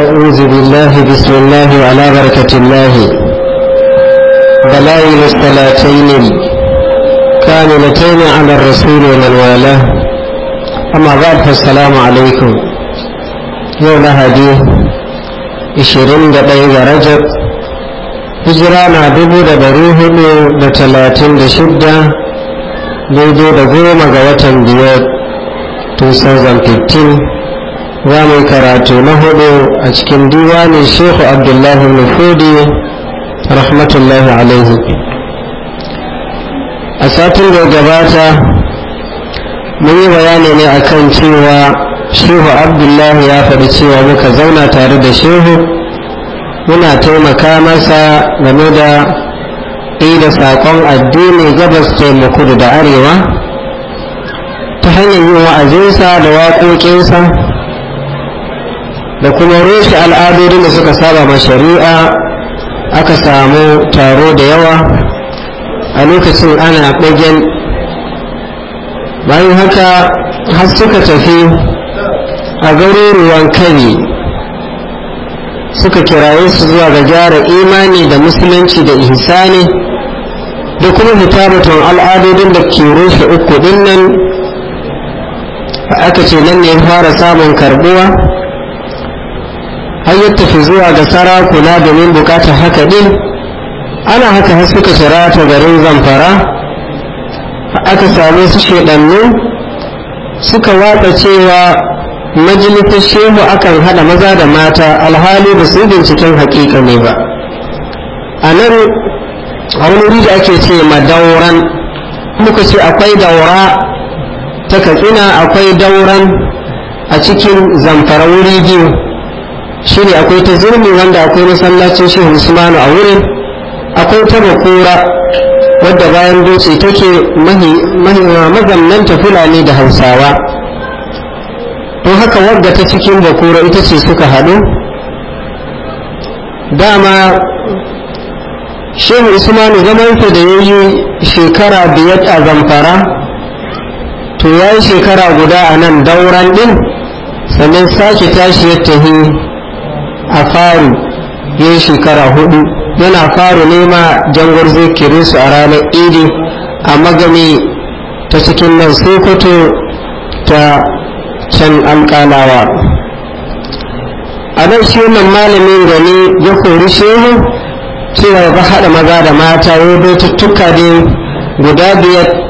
أعوذ بالله بسم الله على بركة الله بلائل الصلاتين كاملتين على الرسول ومن والاه أما بعد فالسلام عليكم يوم هدي إشرين دقيقة رجب هجرانا دبو دبروه بتلاتين دشدة دبو دقوم غوة بيوت 2015 za mu yi karatu na hudu a cikin diwanin shehu abdullahi nufudi rahmatullahi alaihi a satin da gabata mun yi bayani ne a kan cewa shehu abdullahi ya faɗi cewa muka zauna tare da shehu muna taimaka masa game da da saƙon addini gabas taimako da arewa ta hanyar yi wa'azinsa da waƙoƙinsa da kuma rushe al'adodin da suka saba ma shari'a aka samu taro da yawa a lokacin ana ɓagen bayan haka har suka tafi a garuruwan kari suka kiraye su zuwa ga gyara imani da musulunci da ihsani da kuma hitabatun al'adodin da ke rushe uku dinnan aka ce nan ne fara samun karbuwa an yi tafi zuwa ga sarakuna domin bukatar haka din ana haka har suka shara ta garin zamfara aka same su shaɗannu suka watsa cewa majalisar shehu akan hada maza da mata alhali ba su binciken hakika ne ba a nan a wani wuri da ake ce ma muka ce akwai daura ta katsina akwai dauran a cikin zamfara wuri biyu shine akwai ta zurmi wanda akwai masallacin shi usmanu a wurin akwai ta bakura wadda bayan dutse take mazannanta fulani da hausawa to haka wadda ta cikin bakura ita ce suka haɗu dama shehu usmanu zamansa da ya yi shekara biyar a zamfara to ya yi shekara guda a nan dauran ɗin sannan sake tashi ya tahi a faru ya shekara hudu yana faru nema jangwar zai kere su a ranar idi a magami ta cikin nan sokoto ta can alkanawa a nan shi wannan malamin gani ya kori shehu cewa ba haɗa maza da mata ya bai tattuka ne guda biyar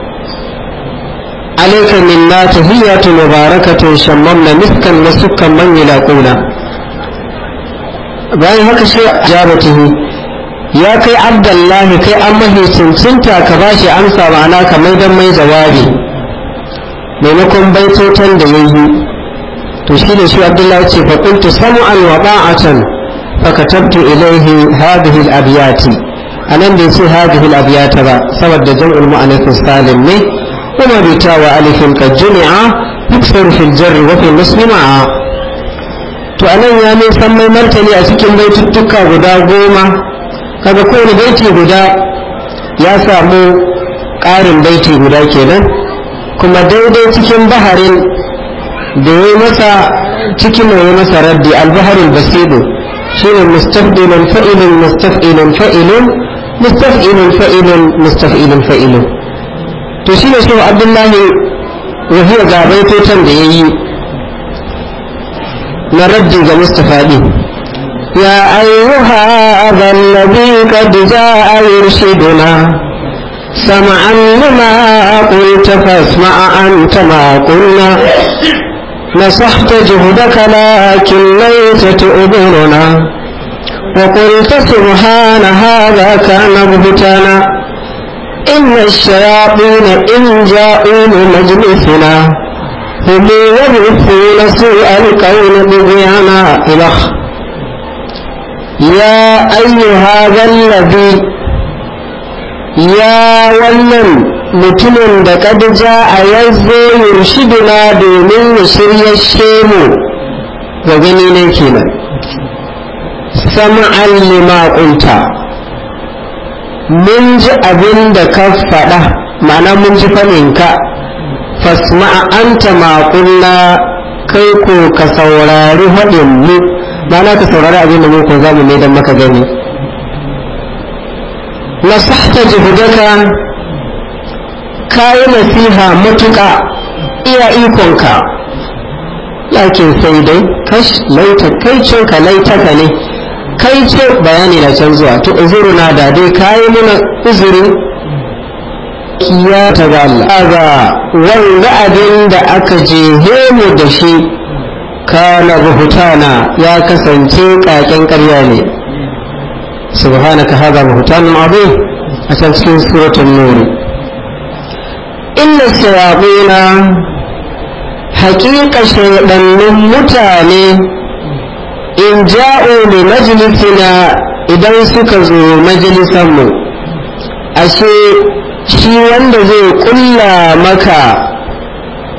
عليك ta ما na مباركة na مسكا وسكا من يلاقونا bayan haka sai jabatuhu ya kai abdullahi kai an mahi cincinta ka bashi amsa ma'ana kamar mai dan mai jawabi maimakon baitotan da yayi to shi da shi abdullahi ce fa kuntu sam'an wa ba'atan fa katabtu ilayhi hadhihi al-abyati anan bai ce hadhihi al-abyata ba saboda jam'ul mu'annath salim ne kuma bi ta wa alifin ka jumi'a yuksaru fil jarri wa ma'a to anan ya ne san mai martani a cikin baituttuka guda goma kaga kowane baiti guda ya samu ƙarin baiti guda kenan kuma daidai cikin baharin da ya masa cikin da ya masa raddi albaharul basiru shine mustafdilun fa'ilun mustaf'ilun fa'ilun mustaf'ilun fa'ilun mustaf'ilun fa'ilun to shine shi Abdullahi wahiya ga baitotan da yayi na rabbi ga mustafa ya ayyuha adhan nabi kad jaa yursiduna sama'an lima qulta fasma'a anta ma qulna نصحت جهدك لكن ليس تؤمرنا وقلت سبحان هذا كان مبتنا إن الشياطين إن جاءوا لمجلسنا هم يبعثون سوء القول بغيانا إلخ يا أيها ذا الذي يا ولن mutumin da kadija a yanzu yurshiduna domin ya shirya shemu ga gani ne kenan sam'an lima kunta mun ji abin da ka faɗa ma'ana mun ji faninka fasma'a an ta qulna kai ko ka saurari hadin mu na ka saurari abin da mu ko zamu ne don maka gani nasahta juhudaka kayi nasiha matuƙa iya ikonka lakin sai dai kash laita kai ka laita ka ne kai ce bayani na can zuwa to uzuruna da dai kayi mana uzurin kiya ta ga Allah wanda abin da aka je hemu da shi kana buhutana ya kasance kakin karya ne subhanaka hada buhutana abu a can cikin suratun nuri inna sirabina haƙiƙa shaidannin mutane in ja'o ne majalisina idan suka zo majalisanmu ashe shi wanda zai kulla maka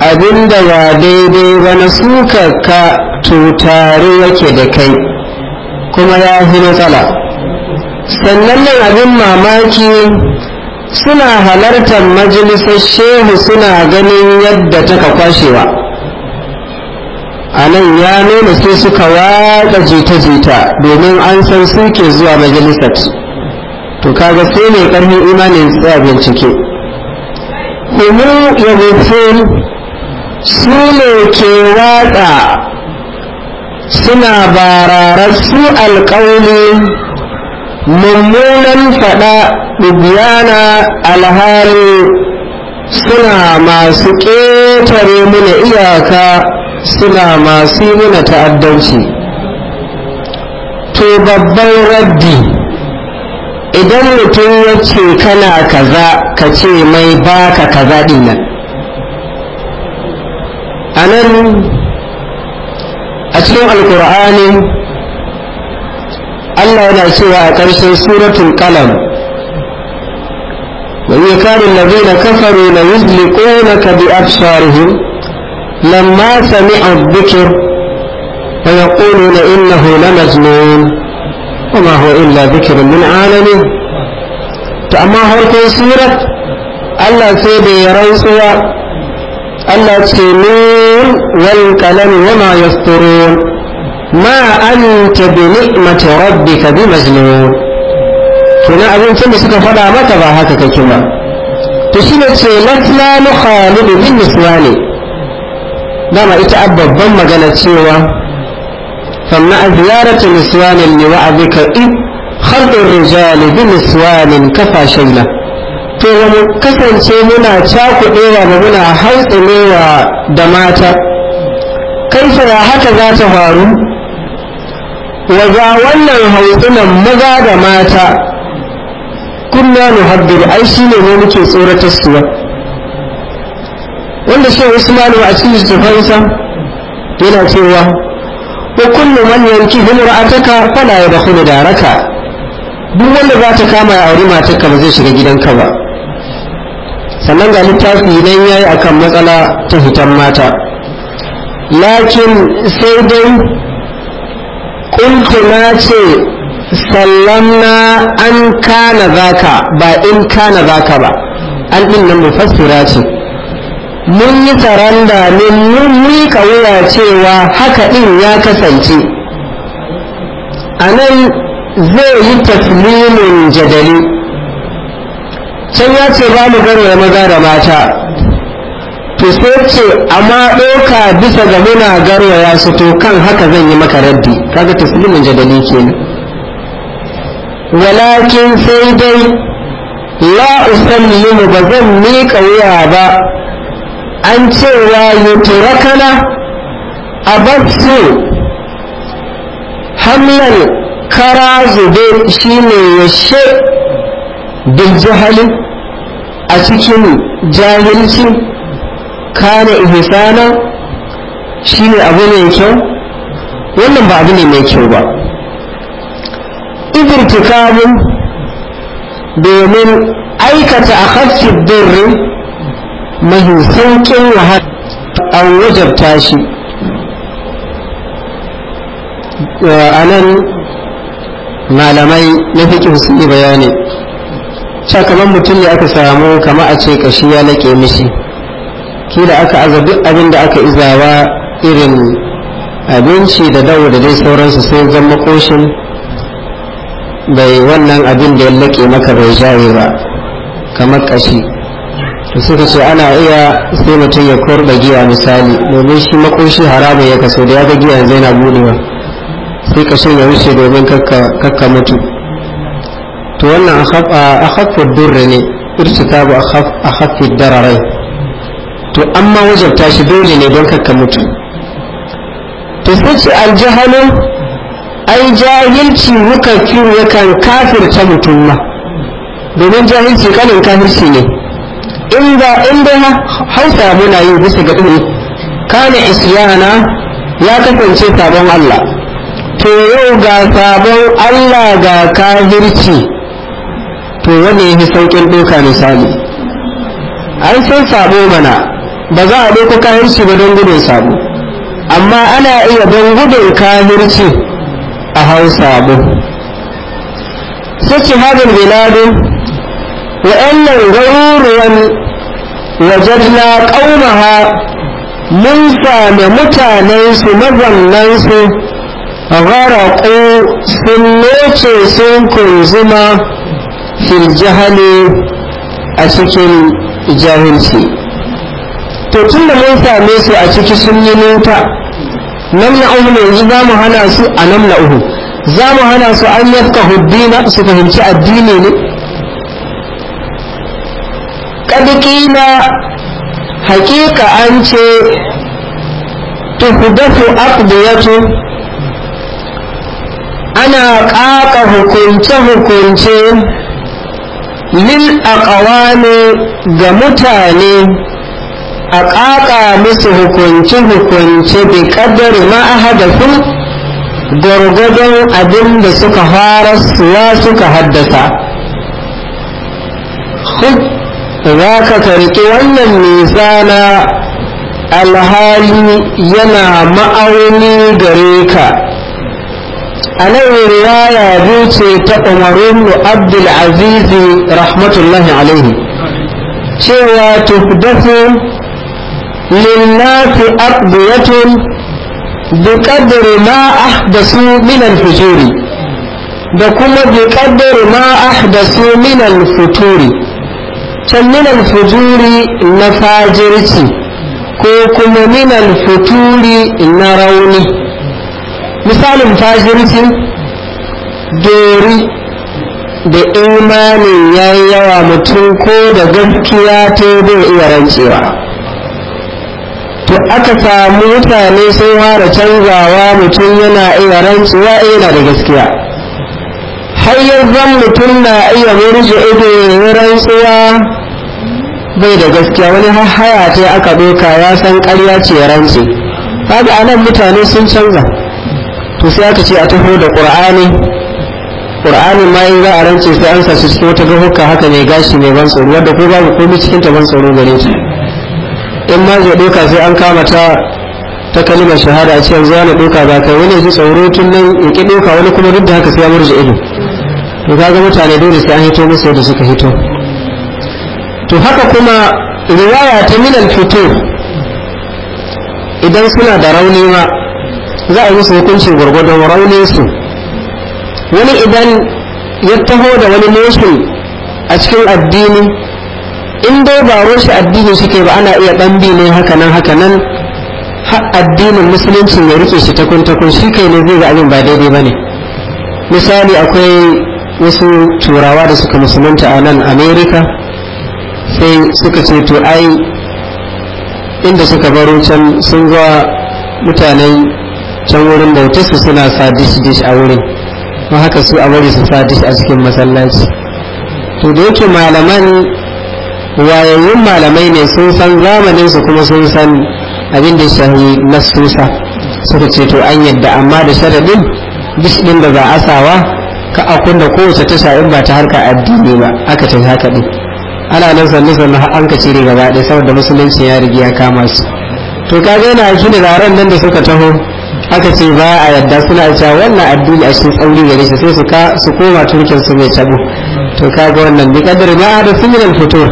abin da ba daidai ba na sukarka to tare yake da kai kuma ya fi matsala sannan nan abin mamaki suna halartar majalisar shehu suna ganin yadda taka kwashewa a nan ya nuna sai suka watsa jita-jita domin an san suke zuwa majalisar to kaga sai mai karfin imanin tsaya bincike humu ya su ne ke watsa suna bararsu mummunan faɗa ɗubiyana alhali suna masu ƙetare mana iyaka suna masu mana ta'addanci to babban raddi idan mutum ya ce kana kaza ka ce mai baka kaza dinan anan a cikin alkur'ani allah yana cewa a ƙarshen suratul qalam وإن كان الذين كفروا ليزلقونك بأبصارهم لما سمعوا الذكر ويقولون إنه لمجنون وما هو إلا ذكر من عالمه فأما هركن سورة ألا سيد يرنسوا ألا تسمون والكلام وما يسترون ما أنت بنعمة ربك بمجنون كنا أبن سمي سكا ما متبع هكذا كما تشيني تشيلت لا نخالب بالنسواني دام إتأبب بما جلت سيوا فمع زيارة نسوان لوعدك إذ خلق الرجال بنسوان كفى شيلة to mu kasance muna cakuɗewa da muna hautsinewa da mata kai ya haka za ta faru waza wannan hautsinan maza da mata kunna nuhabbir ai shine ne muke tsoratar suwa wanda shi usmanu a cikin jifansa yana cewa وكل من ينكه امرأتك فلا يدخل دارك duk wanda za ta kama ya auri matarka ba zai shiga gidanka ba sannan ga littafi nan ya yi akan matsala ta fitan mata lakin sai dai kuntu na ce sallamna an kana zaka ba in kana zaka ba an ɗin nan ce mun yi saranda ne mun mika wuya cewa haka ɗin ya kasance a nan zai yi taslimin jadali can ya ce ba mu gano maza da mata to sai ce amma ɗauka bisa ga muna garwaya su to kan haka zan yi maka raddi kaga taslimin jadali kenan walakin sai dai la usallimu ba zan mika wuya ba an cewa rakana a basu Hamlar kara zube shine ya bil jahali a cikin jahilci kana shi shine abu mai kyau wannan ba abu ne mai kyau ba idirtikabin domin aikata a hafsir birrin mahi saukin wahal an wajabta shi a nan malamai na fikin su yi bayani cewa kamar mutum ne aka samu kama a ce kashi ya laƙe mishi kila aka aza duk abin da aka izawa irin abinci da dawo da dai sauransu sai zan makoshin bai wannan abin da ya laƙe maka bai jaye ba kamar kashi suka ce ana iya sai mutum ya kurɓa giya misali domin shi makoshi haramun ya kaso da ya ga giya zai na buɗewa sai ka ya wuce domin kakka mutu to wannan a haifar durre ne ta bu a haifar dararai to amma wajabta shi dole ne don kakka mutu to sai ce aljihalu ai jahilci muka fi yakan kafirta mutum ma domin jahilci kanin kafirci ne in ba in dai hausa muna yi bisa ga ɗuri kane isyana ya kasance sabon Allah to yau ga sabon Allah ga kafirci to wani ya fi sauƙin ɗauka misali an san sabo mana ba za a ɗauko kafirci ba don gudun sabo amma ana iya don gudun kafirci a hau sabo sai ce hadin biladun wa'annan garuruwan wajadna ƙaunaha mun sami mutanensu mazannansu gharaku sun noce sun kunzuma fil jahali a cikin jahilci to tun da mun same su a ciki sun yi nuta nan na uhu yanzu za mu hana su a nan na uhu za mu hana su an yadda huddina su fahimci addini ne kadikila hakika an ce tuhdafu aqdiyatu ana ƙaƙa hukunce-hukunce lil aqwami ga mutane a ƙaƙa musu hukunce-hukunce bi ma ahadathu gwargwadon abin da suka fara suwa suka haddasa za ka karki wannan nisana alhali yana ma'auni gare ka a nan riwaya biyu ce ta umarin mu azizi rahmatullahi alaihi cewa tufdafu lillafi aqdiyatun biqadri ma ahdasu min al-fujuri da kuma biqadri ma ahdasu min futuri can minal fujuri na fajirci ko kuma minal fituri na rauni misalin fajirci dori da imanin yayi yawa mutum ko da gaskiya ta bai iya rancewa to aka samu mutane sun fara canzawa mutum yana iya rancewa eh, yana da gaskiya har yanzan mutum na iya murje ido ya rantsuwa bai da gaskiya wani haya ce aka doka ya san ƙarya ce ya rantse kaga anan mutane sun canza to sai aka ce a taho da ƙur'ani qur'ani ma in za a rance sai an sa su cikin wata hukka haka mai gashi mai ban tsoro wadda ko babu komai cikin ta ban tsoro gare ta in ma zai doka sai an kama ta ta kalmar shahada a ce yanzu doka ba kai wani ji tsoro tun nan ya ki doka wani kuma duk da haka sai ya murje ido to mutane dole sai an hito musu da suka hito to haka kuma riwaya ta minal fito idan suna da rauni ma za a yi musu hukuncin gwargwadon rauni su wani idan ya taho da wani notion a cikin addini in dai ba roshi addini suke ba ana iya ɗanbi ne haka nan haka nan addinin musulunci ya rike shi takun shi kai ne zai ga abin ba daidai ba ne misali akwai wasu turawa da suka musulunta a nan Amerika sai suka ce to ai inda suka baro can sun zuwa mutanen can wurin bautarsu suna sa dish dish a wurin ma haka su a wuri su sa a cikin masallaci to da yake malaman wayayyun malamai ne sun san zamanin su kuma sun san abin da shahi na susa suka ce to an yadda amma da sharadin dish din da za a sawa ka a da kowace tasha in ba ta harka addini ba aka ce haka din ana nan sannu sannu har an ka cire gaba ɗaya saboda musulunci ya rigi ya kama su to ka ga yana shi da zaren nan da suka taho aka ce ba a yadda suna cewa wannan addini a cikin tsauri gare shi sai su ka koma turkin su mai tabo to ka ga wannan bi kadar ma da sunan fito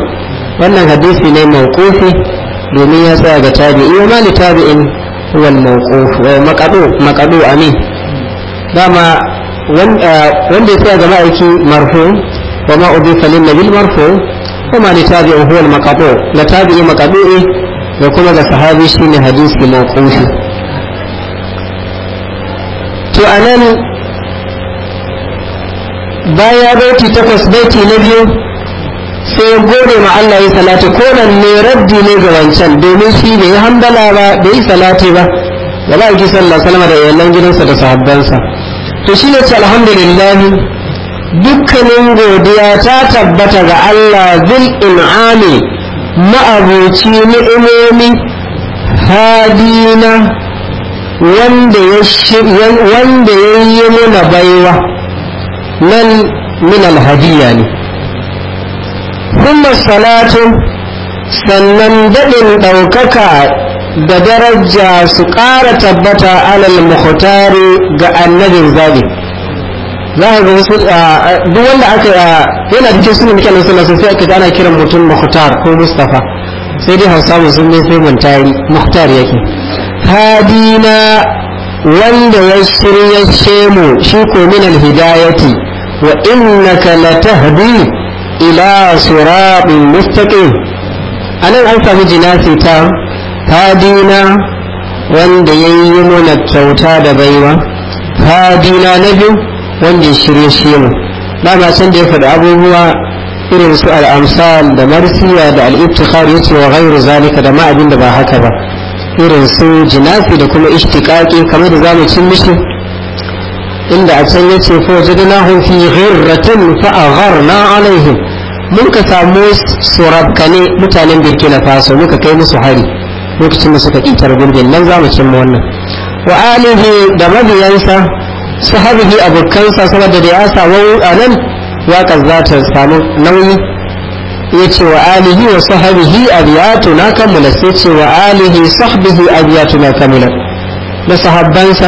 wannan hadisi ne mawqufi domin ya tsaya ga tabi'i wa mali tabi'in huwa al-mawquf wa maqadu maqadu amin dama Eh, wanda ya tsaya gaba aiki marfu wa ma udifa lin nabil marfu kuma ni li tabi'in huwa al-maqbu la tabi'i maqbu'i da kuma ga sahabi shine hadisi mawqufi to anan baya baiti takwas baiti na biyu sai gode ma Allah ya salati ko nan ne raddi ne ga wancan domin shi bai hambala ba bai salati ba da ba ki sallallahu alaihi wasallam da iyalan gidansa da sahabbansa to shi ne ce alhamdulillahi dukkanin godiya ta tabbata ga Allah bil in'ami ma'abuci ni'imomi hadina wanda ya yi mana baiwa nan min alhadiya ne kuma salatu sannan daɗin ɗaukaka da daraja su ƙara tabbata alal mukhtari ga annabin zabi za a ga wasu duk wanda aka yana cikin sunan muke nan sunan sai aka ana kiran mutum mukhtar ko mustafa sai dai hausa musun ne sai muntari mukhtar yake hadina wanda ya shirya shemu shi ko min alhidayati wa innaka latahdi ila siratin mustaqim anan an samu jinasi ta hadina wanda ya yi mana kyauta da baiwa hadina na biyu wanda ya shirye shi mu ba ma san da ya faɗi abubuwa irin su al'amsal da marsiya da al'ibtikhar ya ce wa ghairu zalika da ma abin da ba haka ba irin su jinafi da kuma ishtiqaqi kamar da zamu cin mishi inda a can yace fa wajadnahum fi ghirratin fa agharna alaihim mun ka samu surabkane mutanen Burkina Faso muka kai musu hari lokacin da suka kitar gurbin nan za mu cimma wannan wa alihi da mabiyansa sahabihi abokansa saboda da ya samu a nan waƙar za ta samu nauyi ya ce wa alihi wa sahabihi abiyatu na kammula sai ce wa alihi sahabihi abiyatu na kammula da sahabbansa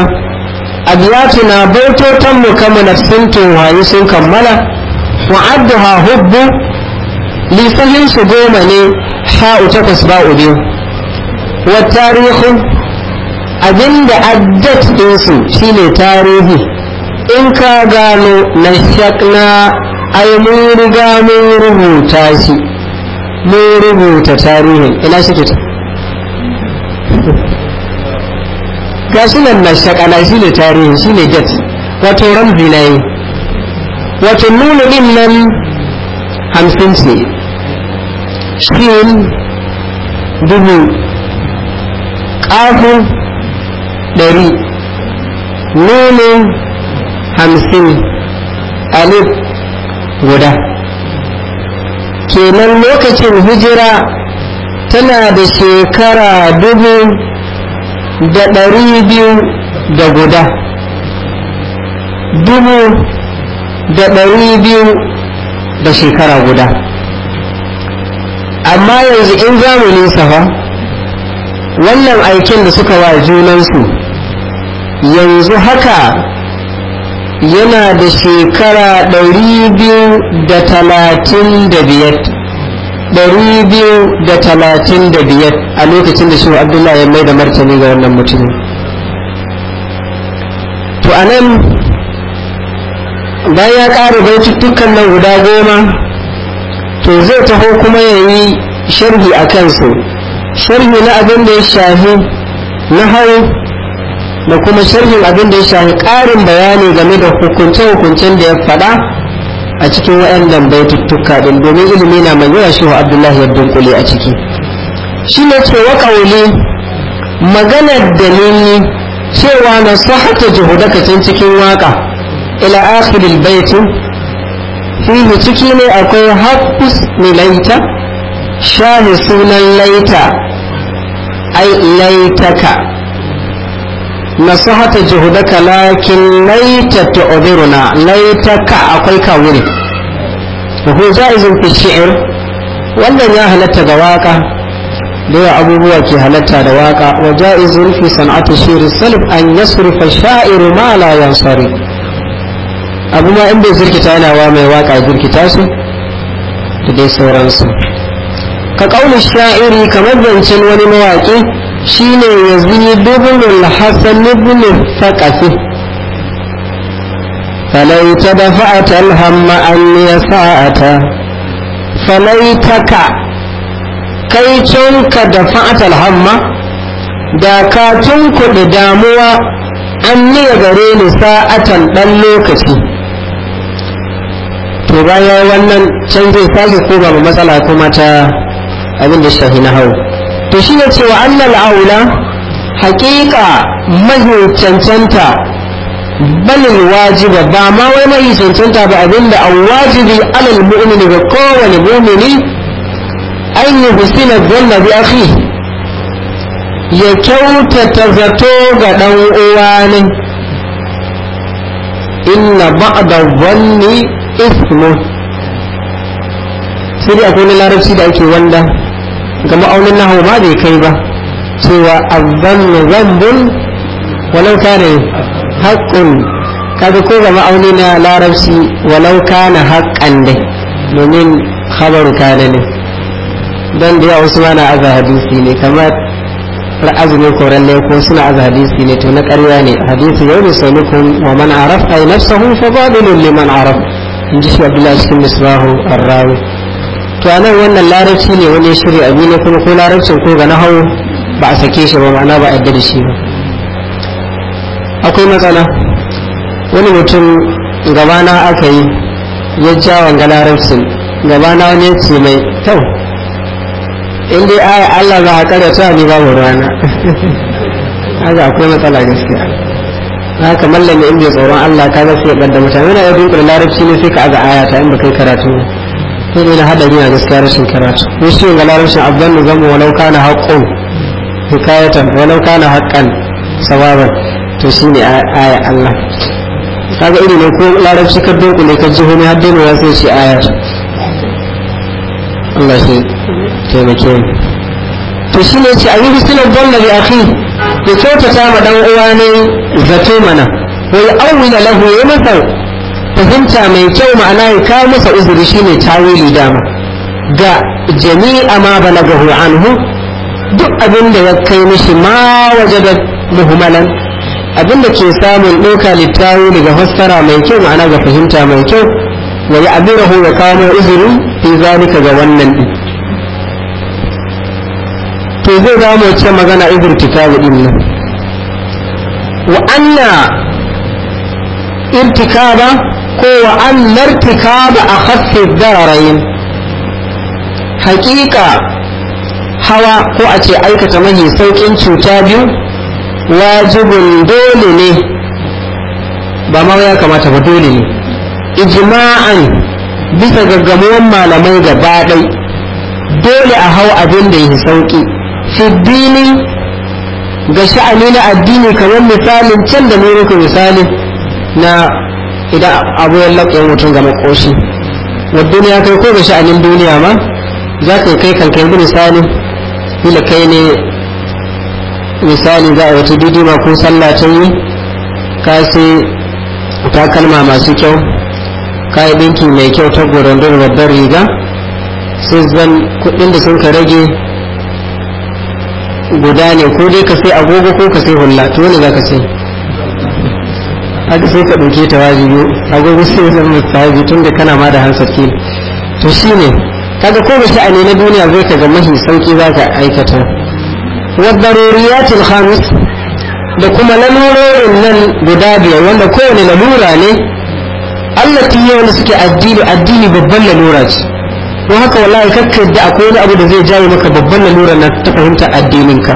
abiyatu na bautotan mu kammula sun tunwayi sun kammala wa adduha hubbu lisahin su goma ne ha'u takwas ba'u biyu wa tarihu abinda addat ɗinsu shi ne tarihi in ka gano na shakna ai mun riga mun rubuta shi mun rubuta tarihin ina shi ta? ga shi nan na shakana shi ne tarihin shi ne get wato ramzi na yi wato nuna ɗin nan hamsin ce shi dubu Kafin ɗari nunin hamsin alif guda kenan lokacin hijira tana da shekara dubu da ɗari biyu da guda dubu da ɗari biyu da shekara guda amma yanzu in zamu nisa fa wannan aikin da suka wa junansu yanzu haka yana da shekara 235 biyu a lokacin da shehu abdullahi ya mai da martani ga wannan mutumin to a nan bayan ya ƙara cututtukan nan guda goma to zai taho kuma ya yi sharhi a kansu sharhi na abin da ya shafi na hau da kuma sharhin abin da ya shafi ƙarin bayani game da hukunce-hukuncen da ya faɗa a cikin waɗannan baituttuka din domin ilimi na mai yawa shi abdullahi ya dunkule a ciki shi ne ce wa ƙauli maganar da nini cewa na sa sahata juhudakacin cikin waƙa ila akhiril baitin fi ciki ne akwai hakus milaita shahi sunan laita ai laitaka nasihata juhudaka lakin laita tu'dhiruna laitaka akwai kawuri hu jaizun fi shi'r wannan ya halatta ga waka da abubuwa ke halatta da waka wa jaizun fi san'ati shi'r salif an yasrifa sha'iru ma la yansari abu ma in bai zirkita yana wa mai waka zirkita su da dai sauransu ka kauli sha'iri kamar zancen wani mawaƙi shine yazid ibn al-hasan ibn faqasi فليت دفعت الهم عني ساءة فليتك كي ka kai الهم da ka tunkuɗe damuwa an niya gare ni sa'atan ɗan lokaci to bayan wannan can zai sake koma matsala kuma ta abin da shahi na hau to shi ne cewa annal aula hakika mahi cancanta balin wajiba ba ma wai mahi cancanta ba abin da an wajibi alal mu'mini ga kowane mu'mini an yi husina zanna bi akhi ya kyautata zato ga dan uwa ne inna ba'da zanni ismu sai akwai larabci da ake wanda ga ma'aunin nahu ma bai kai ba cewa azannu zambun walau kana haqqun kaga ko ga ma'auni na larabci walau kana haqqan dai domin khabaru kana ne dan da wasu aza hadisi ne kamar ra'azu ne ko ranne ko suna aza hadisi ne to na ƙarya ne hadisi yau ne sanukum wa man araf nafsahu fa dalilun liman araf ji shi abdullahi cikin misbahu arrawi to anan wannan larabci ne wani shiri abu ne kuma ko larabcin ko ga hau ba a sake shi ba ma'ana ba a yadda da shi ba akwai matsala wani mutum gabana aka yi ya ja wanga larabcin gabana wani ya ce mai kyau in dai aya Allah za a kada ta ni babu rana haka akwai matsala gaskiya haka mallami in bai tsoron Allah ka ga sai ya ɓadda mutane yana ya dunkula larabci ne sai ka aza aya ta in ba kai karatu sai ne na hadari na gaskiya rashin karatu musu ga larabcin abdan zamu walau kana haqqun hikayatan walau kana haqqan sababan to ne aya Allah kaga iri ne ko larabci ka dunkule ka ji hune haddin ya sai shi aya Allah shi taimake mu to shi shine yace ayyuhu sunan dalla bi akhi ya kyautata ma dan uwa ne zato mana wai awwila lahu ya masa fahimta mai kyau ma'ana ya kawo masa uzuri shine tawili dama ga jami'a ma ga anhu duk abin da ya kai mishi ma waje da muhimmalan abin da ke samun ɗauka littawo daga fassara mai kyau ma'ana ga fahimta mai kyau wa ya abirahu ya kawo mai uzuri fi ga wannan to zai za mu ce magana izir kitabu ɗin nan wa anna irtikaba ko wa an lartika ba a haffin dararayin hakika hawa ko a ce aikata mahi saukin cuta biyu wajibin dole ne ba ma ya kamata ba dole ne ijma'an bisa gaggamuwan malamai gaba ɗai dole a hau abin da yi sauki fiddini ga sha'ani na addini kamar misalin can da ne muku misali na idan abu ya laƙe mutum ga makoshi wa duniya kai ko ga sha'anin duniya ma za ka kai kan kai misali ila kai ne misali za a wata ma ko sallah ta yi ka sai takalma masu kyau ka yi ɗinki mai kyau ta da babbar riga sai zan kuɗin da sun ka rage guda ne ko dai ka sai agogo ko ka sai hulla to wani za ka sai haka sai ka ɗauke ta wajibi agogo sai zan wajibi tun da kana ma da hansaki to shine kaga ko ba sha'ani na duniya zai ka ga mahi sauki za ka aikata wa daruriyatul khamis da kuma lalurorin nan guda biyar wanda kowane lalura ne Allah ta yi wani suke addini addini babban lalura ce don haka wallahi kakka yadda akwai wani abu da zai jawo maka babban lalura na ta fahimta addininka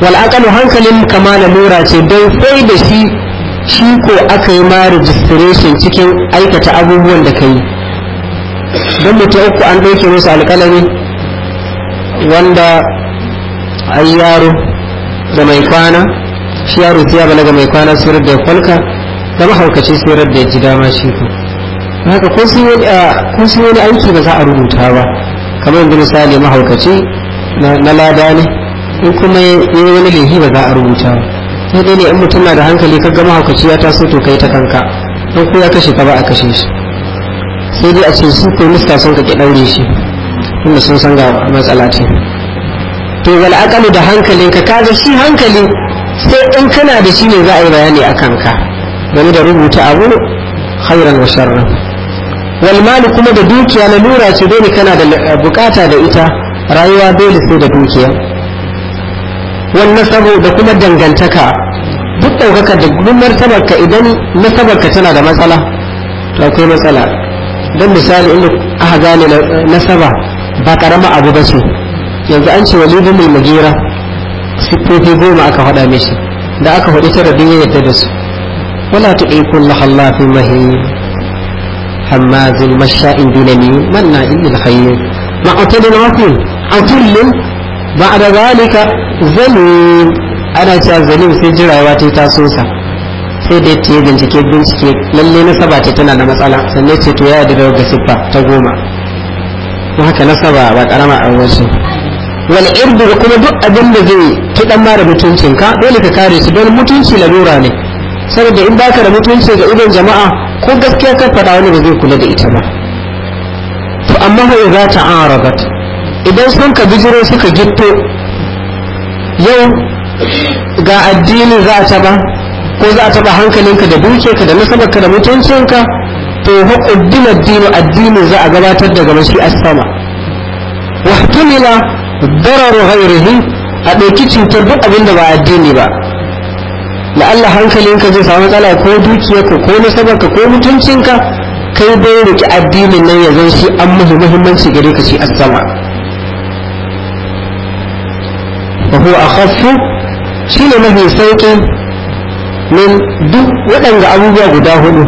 wal aqalu hankalin kama lalura ce dai sai da shi shi ko aka yi ma registration cikin aikata abubuwan da ka yi don mutum uku an ɗauke musu alƙalami wanda ai yaro da mai kwana shi yaro sai yaba daga mai kwana sirar da kwalka da mahaukaci sirar da ji dama shi ko haka ko sun wani aiki ba za a rubuta ba kamar yanzu misali mahaukaci na lada ne in kuma yi wani lehi ba za a rubuta ba sai dai ne in mutum na da hankali ka gama haukaci ya taso to kai ta kanka don ko ya kashe ka ba a kashe shi sai dai a ce su ko mista sun ka ki daure shi tunda sun san ga matsala ce to wal aqalu da hankalin ka kaga shi hankali sai in kana da shi ne za a yi bayani a kanka game da rubuta abu khairan wa sharran wal kuma da dukiya na lura ce dole kana da bukata da ita rayuwa dole sai da dukiya wannan sabo da kuma dangantaka duk ɗaukaka da gudun martabarka idan nasabarka tana da matsala to akwai matsala don misali inda aka gane nasaba ba karama abu ba ce yanzu an ce walidu mai magira siffofi goma aka faɗa mishi da aka faɗi tara duk ya yadda da su wala ta ɗai kulla hallafin mahi hammazin masha'in binani manna ilil hayyin ma'autalin wakil autulin بعد ذلك زليم أنا شاء زليم سجرة واتي تاسوسا sai da ya bincike bincike lalle nasaba ce tana da matsala sannan ce to ya da daga siffa ta goma ko haka nasaba ba karama a wasu wal irdu kuma duk abin da zai kidan ma da mutuncinka dole ka kare su don mutunci lalura ne saboda in baka da mutunci ga idon jama'a ko gaskiya ka faɗa wani ba zai kula da ita ba to amma ha idza ta'arabat idan sun ka bijiro suka gitto yau ga addini za ta taba ko za ta ba hankalinka da ka da nasabarka da mutuncinka to hukuddin addini addini za a gabatar daga mashi asama sama wahtumila dararu ghairihi a ɗauki cutar duk abin da ba addini ba Allah hankalinka zai samu matsala ko dukiyarka ko nasabarka ko mutuncinka kai bai riki addinin nan ya zan shi an muhimmanci gare ka shi asama. sama fa huwa akhaffu shine mafi sauki min duk waɗanda abubuwa guda hudu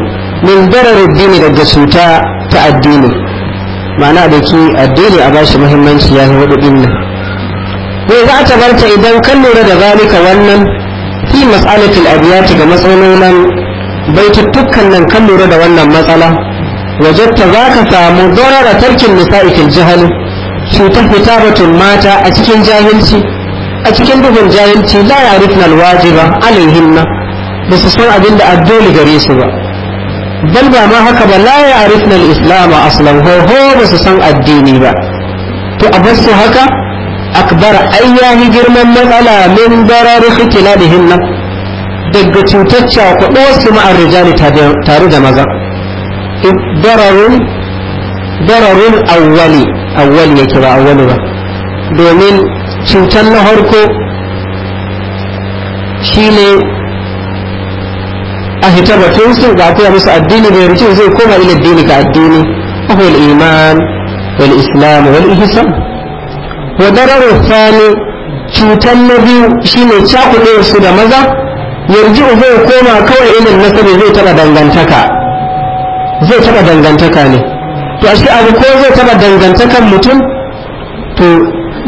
min darar addini daga cuta ta addini ma'ana da ke addini a bashi mahimmanci ya hudu din nan za ta bar ta idan kan lura da zalika wannan fi mas'alatul abiyati ga matsalolin baituttukan nan kan lura da wannan matsala wajatta za ka samu dorara tarkin nisa'i fil jahal cutar fitabatun mata a cikin jahilci a cikin duhun jahilci la wajiba alwajiba alaihinna ba su san abin da addoli gare su ba bal ba ma haka ba la yarifna alislam aslan ho hoho ba su san addini ba to a bar su haka akbar ayyahi girman matsala min da hinna daga cutacca kwaɗuwar su ma'ar rijali tare da maza dararun dararun awwali awwali yake ba awwali ba domin cutar na harko shi ne a hita batunsu ga koya musu addini bai rikin zai koma ila addini ka addini ahul iman wal islam wal ihsan wa dararu thani cutan na biyu shi ne cakuɗe su da maza yarji zai koma kawai ilin nasabi zai taɓa dangantaka zai taɓa dangantaka ne to a shi abu ko zai taɓa dangantakan mutum to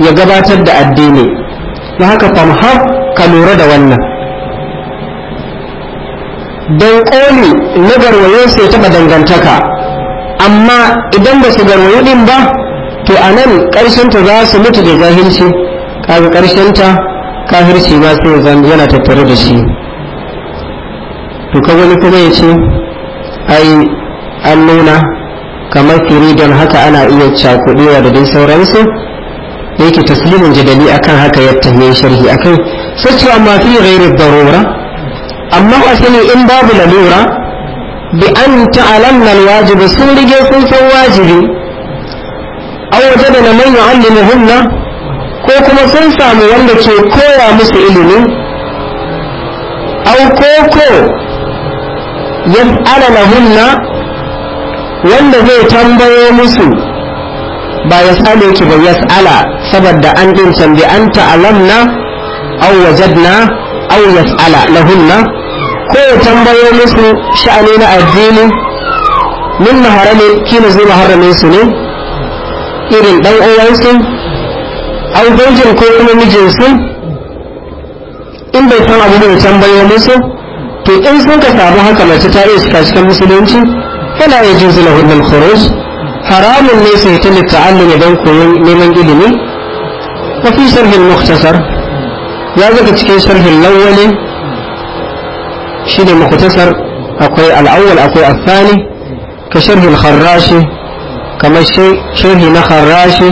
ya gabatar da addini don haka famhar ka lura da wannan don ƙoli na garwayo sai taɓa dangantaka amma idan ba su garwayo din ba to a nan ƙarshenta za su mutu da zahirci kaga ƙarshenta kafirci ba sai zan yana tattare da shi to ka wani kuma ya ce ai an nuna kamar don haka ana iya cakuɗewa da dai sauransu da yake taslimin jadali akan haka ya tahiye sharhi akan sai amma ma fi ghairi darura amma asali in babu lalura bi an ta'alamna alwajibi sun rige sun san wajibi aw wajadana man yu'allimuhunna ko kuma sun samu wanda ke koya musu ilimi aw koko yas'ala lahunna wanda zai tambayo musu ba ya sale ki ba ya ala saboda an din can bi an ta'alamna aw wajadna aw na lahunna ko ya tambayo musu sha'ani na addini min maharami kina zai maharami su ne irin dan uwansu aw dangin ko kuma mijinsu in bai san abu da ya tambayo musu to in sun ka samu haka mace ta iya shiga cikin musulunci yana iya jinsu lahunnan khuruj حرام ليس يتم التعلم دون لمن إلمي وفي شرح المختصر يجب تكي شرح الأول شيء المختصر أقوي الأول أقوي الثاني كشرح الخراشي كما الشيء شرح نخراشي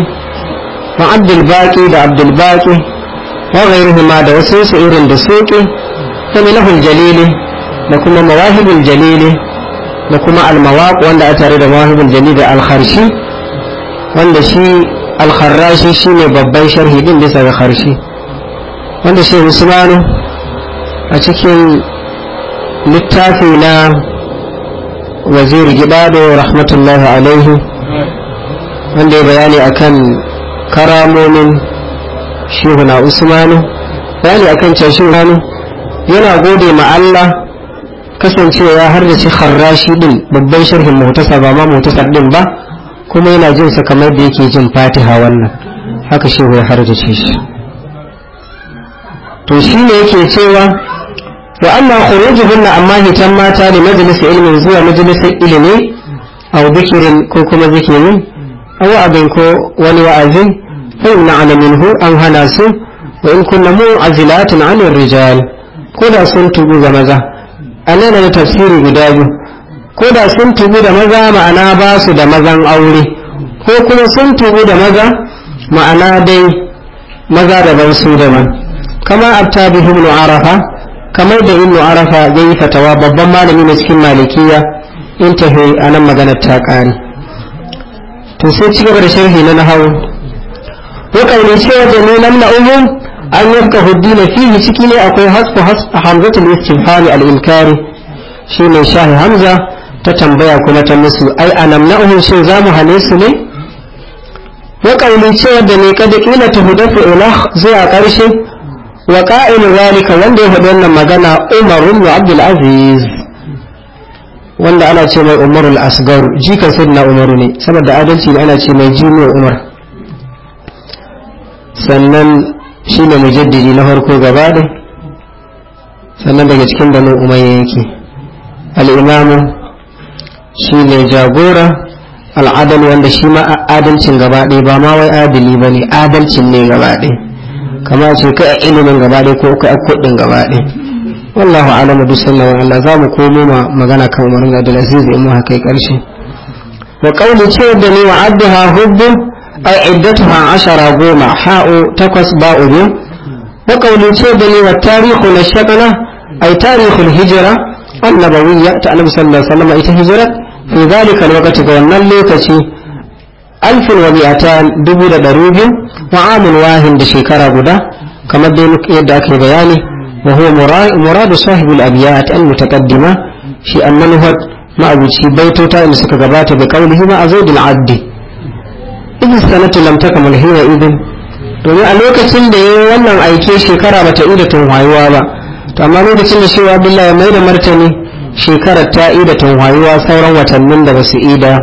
وعبد الباكي بعبد الباكي وغيرهما دوسوس إيرن دسوكي فمن الجليل لكم مواهب الجليل da kuma almawaq wanda a tare da mawahibul jami da alkharshi wanda shi alkharrashi shi ne babban sharhi din bisa ga kharshi wanda shi musulmanu a cikin littafi na waziri gibado rahmatullahi alaihi wanda ya bayani akan karamomin na usmanu bayani akan cashin ranu yana gode ma Allah kasancewa ya hardace kharrashi din babban sharhin muhtasa ba ma muhtasar din ba kuma yana jin sa kamar da yake jin fatiha wannan haka shehu ya da shi to shi ne yake cewa wa amma khurujuhunna amma hitan mata ne majalisa ilimin zuwa majalisar ilimi aw bikirin ko kuma zikirin aw abin ko wani wa'azi fa yumna'ana minhu an hana su wa in kunna mu'azilatun 'anil rijal ko da sun tubu ga maza annan da tafsiri guda biyu ko da sun tubu da maza ma'ana ba su da mazan aure ko kuma sun tubu da maza ma'ana dai maza daban su daban kama abtabihim ibn arafa kamar da ibn arafa zai yi fatawa babban malami na cikin malikiya intahi a nan maganar ta kare to sai ci gaba da sharhi na nahawu وقوله nan na نمنعهم an yanka huddina fili ciki ne akwai hasku hamzatul istifhami al inkari shi mai shahi hamza ta tambaya kuma ta musu ai anamna'uhum shin za mu hane su ne wa kauli cewa da ne kada kila ta hudafu ila zuwa karshe wa qa'ilu zalika wanda ya faɗi wannan magana Umar ibn Abdul Aziz wanda ana ce mai Umar al-Asgar jikan sayyidina Umar ne saboda adalci ne ana ce mai jimi Umar sannan shi ne mujaddidi na farko gaba da sannan daga cikin banu umayya yake al'imamu shi ne jagora al'adal wanda shi ma adalcin gaba ɗaya ba ma wai adali ba ne adalcin ne gaba ɗaya kama ce ka ilimin gaba ɗaya ko ka kuɗin gaba ɗaya wallahu alamu duk sallawa Allah za mu komo ma magana kan umarnin adalaziz in mu haka ƙarshe wa ƙauli ce da ni wa ha hubbun a iddatuha ashara goma ha'u takwas ba'u biyu da kaulin ce da ne wa tarihu na shagala ai tarihul hijira annabawiyya ta annabi sallallahu alaihi wasallam ita hijira fi zalika lokaci ga wannan lokaci alfin wa mi'atan dubu da ɗari biyu wa amin wahin da shekara guda kamar dai yadda aka yi bayani wa huwa muradu sahibul abiyat al mutaqaddima shi annanuhat ma'abuci baitota da suka gabata da kaulihi ma addi idin sanatu lam mun hiya idin domin a lokacin da ya wannan aike shekara bata ida tun wayuwa ba to amma lokacin da shewa abdullahi mai da martani shekara ta ida tun wayuwa sauran watannin da basu ida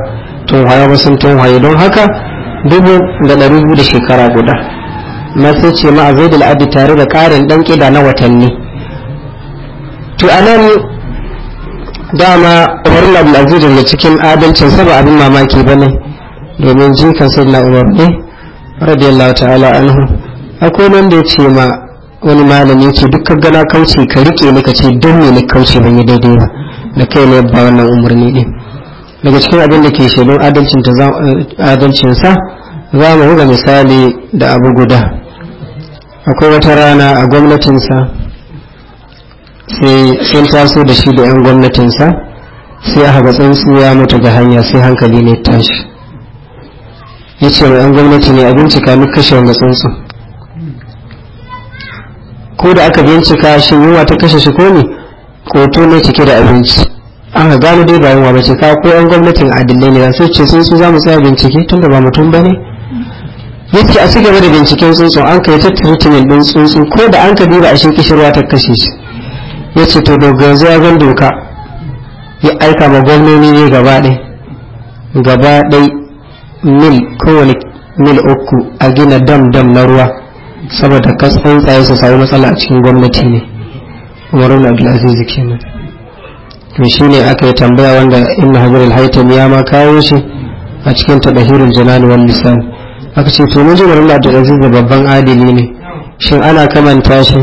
tun wayuwa ba sun tun don haka dubu da ɗari biyu da shekara guda na sai ce ma a da tare da ƙarin ɗan ƙida na watanni to a nan dama umar abdulaziz da cikin adalcin saba abin mamaki ba ne domin jikan sayyidina umar ne radiyallahu ta'ala anhu akwai nan da ya ce ma wani malami ce duk gana kauce ka rike ni ka ce don me ni kauce ban yi daidai ba da kai ne ba wannan umarni ne daga cikin abin da ke shaidun adalcinsa eh, za mu ga misali da abu guda akwai wata rana a gwamnatinsa sai sun taso da shi da 'yan gwamnatinsa sai a ga su ya mutu ga hanya sai hankali ne tashi ya ce mai an gwamnati ne a bincika duk kashe wanda tsuntsu ko da aka bincika shi yunwa ta kashe shi ko ne to ne cike da abinci an ga gano dai ba yunwa ba ce ka ko yan gwamnatin adillai ne sai ce tsuntsu za mu tsaya bincike tun da ba mutum ba ne yake a cigaba da binciken tsuntsu an kai ta treatment din tsuntsu ko da an ka duba a shi kishirwa ta kashe shi ya ce to daga yanzu ya gan doka ya aika ma gwamnoni ne gaba ɗaya. gaba ɗaya mil kowane mil uku a gina dam dam na ruwa saboda kasan tsuntsaye su samu matsala a cikin gwamnati ne umarun abdulaziz kenan to shine aka yi tambaya wanda ibn hajar al-haytham ya ma kawo shi a cikin tadahirul janan wal lisan aka ce to mun ji umarun abdulaziz da babban adili ne shin ana kamanta shi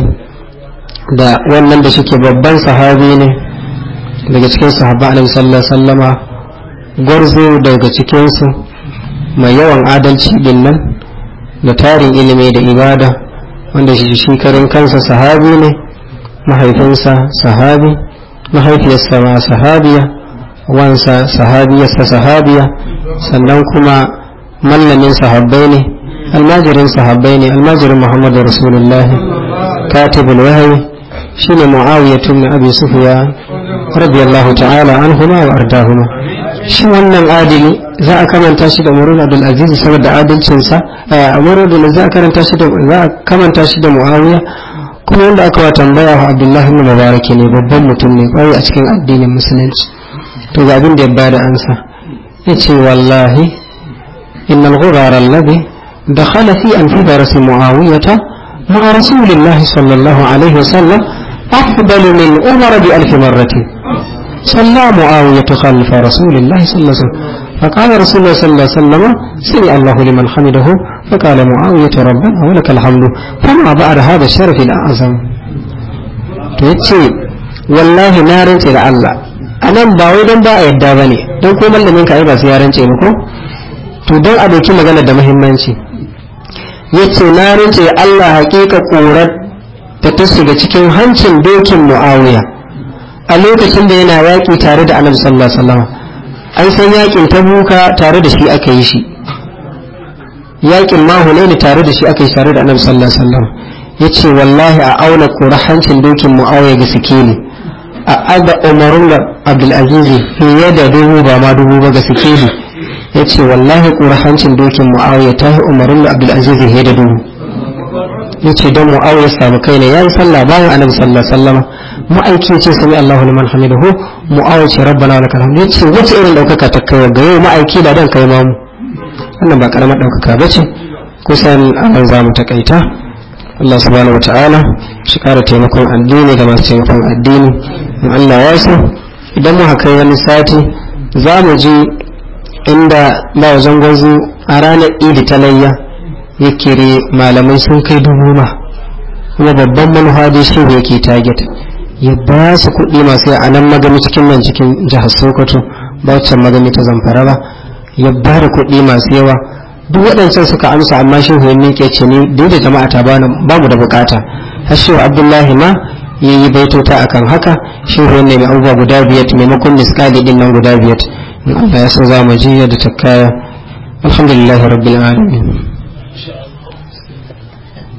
da wannan da suke babban sahabi ne daga cikin sahaba annabi sallallahu alaihi wasallama gwarzo daga cikinsu mai yawan adalci din nan da tarin ilimi da ibada wanda shi shi karin kansa sahabi ne mahaifinsa sahabi mahaifiyarsa ma sahabiya wansa sahabiyarsa sahabiya sannan kuma mallamin sahabbai ne almajirin sahabbai ne almajirin muhammadu rasulullah katibul wahayi shine muawiya tun abi sufyan radiyallahu ta'ala anhuma wa ardahuma shi wannan adili za a kamanta shi da umarun abdulaziz saboda adalcinsa umarun abdulaziz za a karanta shi da za a kamanta shi da muawiya kuma wanda aka wa tambaya wa abdullahi ibn mubarak ne babban mutum ne kwarai a cikin addinin musulunci to ga abin da ya bada ansa yace wallahi innal ghurar alladhi dakhala fi anfi darasi muawiyata مع رسول الله صلى الله عليه وسلم أفضل من أمر بألف مرة صلى معاوية خلف رسول الله صلى الله عليه وسلم فقال رسول الله صلى الله عليه وسلم سمع الله لمن حمده فقال معاوية ربنا ولك الحمد فما بعد هذا الشرف الأعظم تيتشي والله نار إلى الله أنا باوي دم باء يدابني دم كوما لمن كأيبا سيارن تيمكو أبو أدوكي مغانا دمهم منشي yace na rince Allah hakika korar da ta shiga cikin hancin dokin Muawiya a lokacin da yana yaƙi tare da annabi sallallahu alaihi wasallam an san yaƙin tabuka tare da shi aka yi shi yaƙin ma ne tare da shi aka yi tare da annabi sallallahu alaihi wasallam yace wallahi a auna kura hancin dokin muawiya ga ne a ada umarun da abdulaziz fiye da dubu ba ma dubu ba ga ya yace wallahi kura hancin dokin muawiya ta umarun da abdulaziz fiye da dubu yace dan mu'awiya samu kai ne yayi sallah bayan annabi sallallahu alaihi wasallam ma'aiki yace sami Allahu liman hamidahu mu'awiya ce rabbana lakal hamd yace wace irin daukaka ta kai ga yau ma'aiki da dan kai ma mu wannan ba karamar daukaka bace kusan an zamu ta takaita Allah subhanahu wataala shi kara taimakon addini da masu taimakon addini in Allah ya so idan mu haka wani sati za mu je inda ba zangon a ranar idi ta layya ya malamai sun kai dubu ma kuma babban manufa shi ne yake target ya ba su kuɗi masu a nan magani cikin nan cikin jihar sokoto ba can magani ta zamfara ba ya ba da kuɗi masu yawa duk waɗancan suka amsa amma shi ne ke ce ni da jama'a ta ba mu da bukata hashewa abdullahi ma ya yi baitota akan haka shi ne mai abubuwa guda biyar maimakon miskali din nan guda biyar in Allah ya san za mu ji da ta kaya alhamdulillahi rabbil alamin